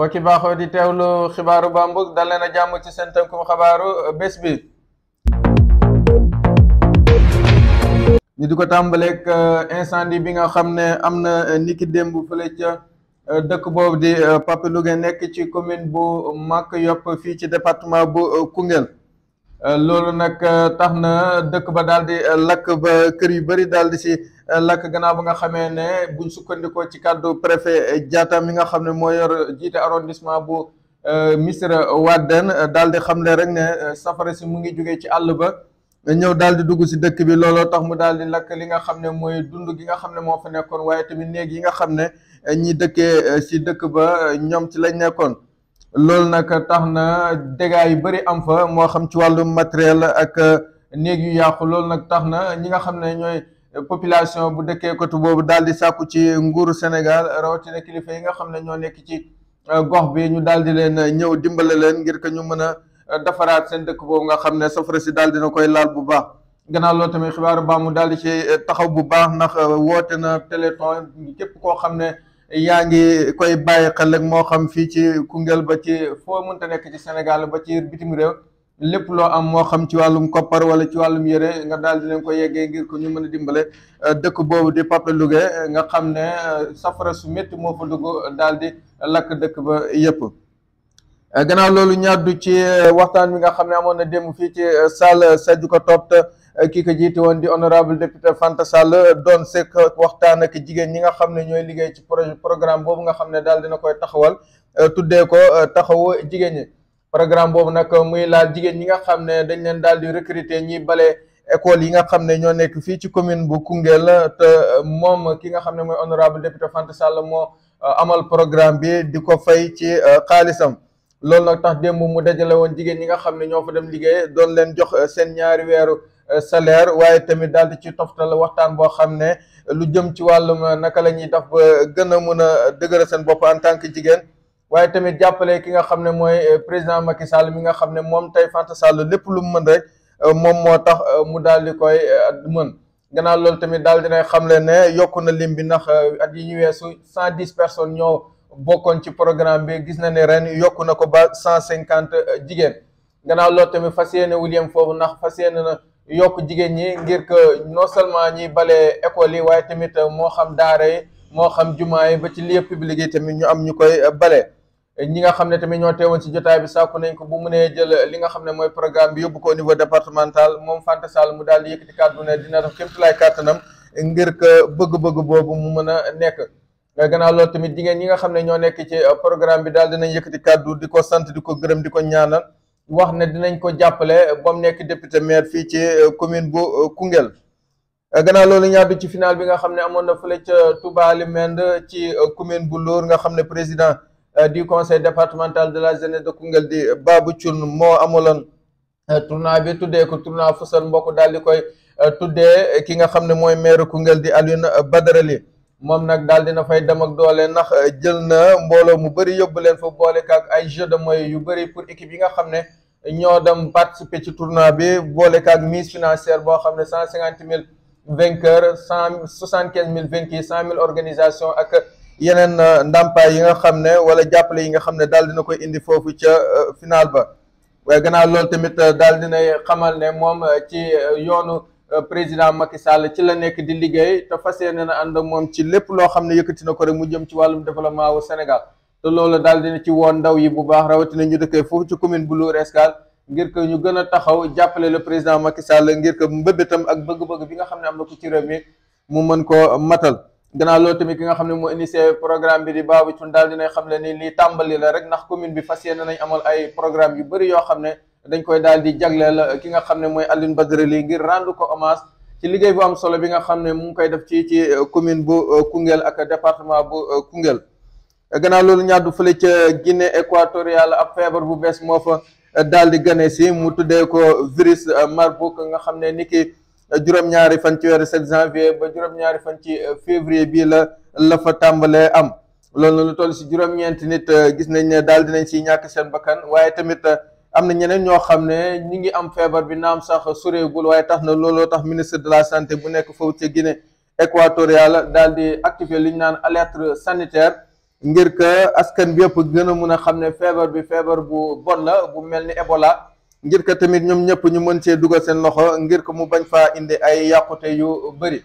mbokki baaxoo di teewlu xibaaru bambuk dal leen a jàmm ci seen tënkum xabaaru bés bi ñu di ko tàmbaleeg euh, incendie bi nga xam ne am na euh, niki démb fële ca euh, dëkk boobu di Papilougué nekk ci commune bu Maka Yop fii ci département bu Koungheul Euh, loolu nag euh, tax na dëkk ba daal di euh, lakk ba kër yu bëri daal di si lakk gannaaw ba nga xamee ne buñ sukkandikoo ci kàddu préfet jaatam mi nga xam ne mooy yor jiite arrondissement bu Missirah Wadène daal di ne rek ne safara si mu ngi jógee ci àll ba ñëw daal di dugg si dëkk bi looloo tax mu daal di lakk li nga xam ne mooy dund gi nga xam ne moo fa nekkoon waaye tamit néeg yi nga xam ne ñi dëkkee si dëkk ba ñoom ci lañ nekkoon. loolu nag tax na dégâts yi bëri am fa moo xam ci wàllu matériel ak néeg yu yàqu loolu nag tax na ñi nga xam ne ñooy population bu dëkkee côté boobu daal di sàkku ci nguuru Sénégal rawatina kilifa yi nga xam ne ñoo nekk ci euh, gox bi ñu daal di leen ñëw dimbale leen ngir que ñu mën a euh, defaraat seen dëkk boobu nga xam ne safara si daal dina koy laal bu baax. gannaaw loolu tamit xibaaru baamu daal di ci taxaw bu baax ndax euh, woote na téléthon képp koo xam ne. yaa ngi koy bàyyi xel ak moo xam fii ci Koungheul ba ci foo mënta nekk ci Sénégal ba ci bitim réew lépp loo am moo xam ci wàllum koppar wala ci wàllum yére nga daal di leen ko yeggee ngir ko ñu mën a dimbale euh, dëkk boobu di Papa Louga nga xam ne euh, safara su metti moo fa dugg daal di lakk dëkk ba yépp euh, gannaaw loolu ñaaddu ci waxtaan bi nga xam ne amoon na démb fii ci salle Sadioka Top ki ko jiite woon di honorable député Fanta Sall doon sekk waxtaan ak jigéen ñi nga xam ne ñooy liggéey ci projet programme boobu nga xam ne daal dina koy taxawal euh, tuddee ko euh, taxaw jigéen ñi programme boobu nag muy laal jigéen ñi nga xam ne dañ leen daal di recruter ñi bale école yi nga xam ne ñoo nekk fii ci commune bu Koungheul te euh, moom ki nga xam ne mooy honorable député Fanta Sall moo amal programme bi di ko fay ci xaalisam loolu nag tax démb mu dajale woon jigéen ñi nga xam ne ñoo fa dem liggéey doon leen jox seen ñaari weeru salaire waaye tamit daal di ci toftal waxtaan boo xam ne lu jëm ci wàllum naka la ñuy def ba gën a mën a dëgëral seen bopp en tant que jigéen waaye tamit jàppale ki nga xam ne mooy euh, président Macky Sall mi nga xam ne moom tey Fanta Sall lépp lu mën rek euh, moom moo tax euh, mu daal di koy mën gannaaw loolu tamit daal dinay xamle ne yokk na lim bi ndax at yi ñu weesu cent dix personnes ñoo bokkoon ci programme bi gis na ne ren yokk na ko ba cent cinquante jigéen gannaaw loolu tamit fas yéene William foofu ndax fas yéene na yokk jigéen ñi ngir que non seulement ñi bale école yi waaye tamit moo xam daara yi moo xam jumaa yi ba ci lieu public yi tamit ñu am ñu koy bale ñi nga xam ne tamit ñoo teewoon ci jotaay bi sàkku nañ ko bu mënee jël li nga xam ne mooy programme bi yóbbu ko au niveau départemental moom Fanta Sall mu daal di yëkkati kàddu ne dina def képp lay kàttanam ngir que bëgg-bëgg boobu mu mën a nekk gannaaw loolu tamit jigéen ñi nga xam ne ñoo nekk ci programme bi daal dinañ yëkkati kàddu di ko sant di ko gërëm di ko ñaanal wax ne dinañ ko jàppale ba nekk député maire fii ci euh, commune bu euh, Koungheul euh, gannaaw loolu ñu àddu ci final bi nga xam ne amoon na fële ca Touba Limende ci commune bu Lour nga xam ne président du conseil départemental de la jeunesse de Koungheul di Babou Thioune moo amaloon tournoi bi tuddee ko tournoi fusal mbokk daal di koy tuddee ki nga xam ne mooy maire Koungheul di Alioune Badara Ly moom nag daal dina fay dem ak doole ndax jël na mboolo mu bëri yóbbu leen fa boole ak ay jeu de moyens yu bëri pour équipe yi nga xam ne. ñoo dem participer ci tournoi bi boole kaak mise financière boo xam ne cent cinquante mille vainqueurs cent soixante quinze mille vainqueurs cent mille organisation ak yeneen euh, ndàmpaay yi nga xam ne wala jàppale yi nga xam ne daal dina koy indi foofu ca euh, final ba waaye gannaaw loolu tamit euh, daal dinay xamal ne moom ci yoonu président Macky Sall ci la nekk di liggéey te fas yéene na ànd moom ci lépp loo xam ne yëkkati na ko rek mu jëm ci wàllum développement wu Sénégal te loolu daal dina ci woon ndaw yi bu baax rawatina ñu dëkkee foofu ci commune bu Lour Escale ngir que ñu gën a taxaw jàppale le président Macky Sall ngir mbëdd tam ak bëgg-bëgg bi nga xam ne am na ko ci réew mi mu mën koo matal gannaaw loolu tamit ki nga xam ne moo initié programme bi di Babou Thioune daal dina xam ne ni lii tàmbali la rek ndax commune bi fas yéene nañ amal ay programme yu bëri yoo xam ne dañ koy daal di jagleel ki nga xam ne mooy Alioune Badara Ly ngir rendre ko hommage ci liggéey bu am solo bi nga xam ne mu ngi koy def ci ci commune bu Koungheul ak département bu Koungheul gannaaw loolu ñaadu fële ca Guinée équatoriale ab feebar bu bees moo fa eh, daal di gane si mu tuddee ko virus eh, Marburg nga xam ne ni ki eh, juróom-ñaari fan ci weeru sept janvier ba juróom-ñaari fan ci février bii la la fa tàmbalee am loolu lu toll si juróom-ñeenti nit gis nañ ne daal dinañ si ñàkk seen bakkan waaye tamit am na ñeneen ñoo xam ne ñu ngi am feebar bi naam sax soreegul waaye tax na loo tax ministre de la santé bu nekk foofu ca Guinée équatoriale daal di activer li ñu naan alerte sanitaire ngir que askan bi yëpp gën a mun a xam ne feebar bi feebar bu bon la bu mel ni Ebola ngir que tamit ñoom ñëpp ñu mën cee dugal seen loxo ngir que mu bañ faa indi ay yàqute yu bëri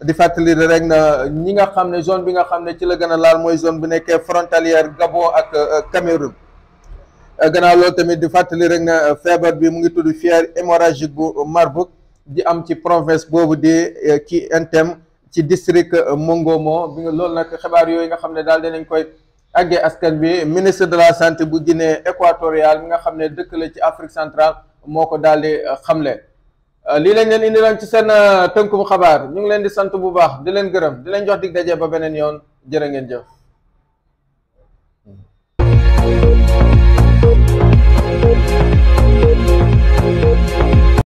di fàttali rek na ñi nga xam ne zone bi nga xam ne ci la gën a laal mooy zone bu nekkee frontalière Gabon ak euh, Cameroun euh, gannaaw loolu tamit di fàttali rek na feebar bi mu ngi tudd fièvre hémorragique bu Marburg di am ci province boobu di ci euh, Nteme ci district euh, Mongomo bi nga loolu nag xibaar yooyu nga xam ne daal nañ koy àggee askan bi ministre de la santé bu Guinée équatoriale mi nga xam ne dëkk la ci Afrique centrale moo ko daal di euh, xamle euh, lii lañ leen indi lan ci seen tënkum xabaar ñu ngi leen di sant bu baax di leen gërëm di leen jox dig daje ba beneen yoon jërë ngeen jëf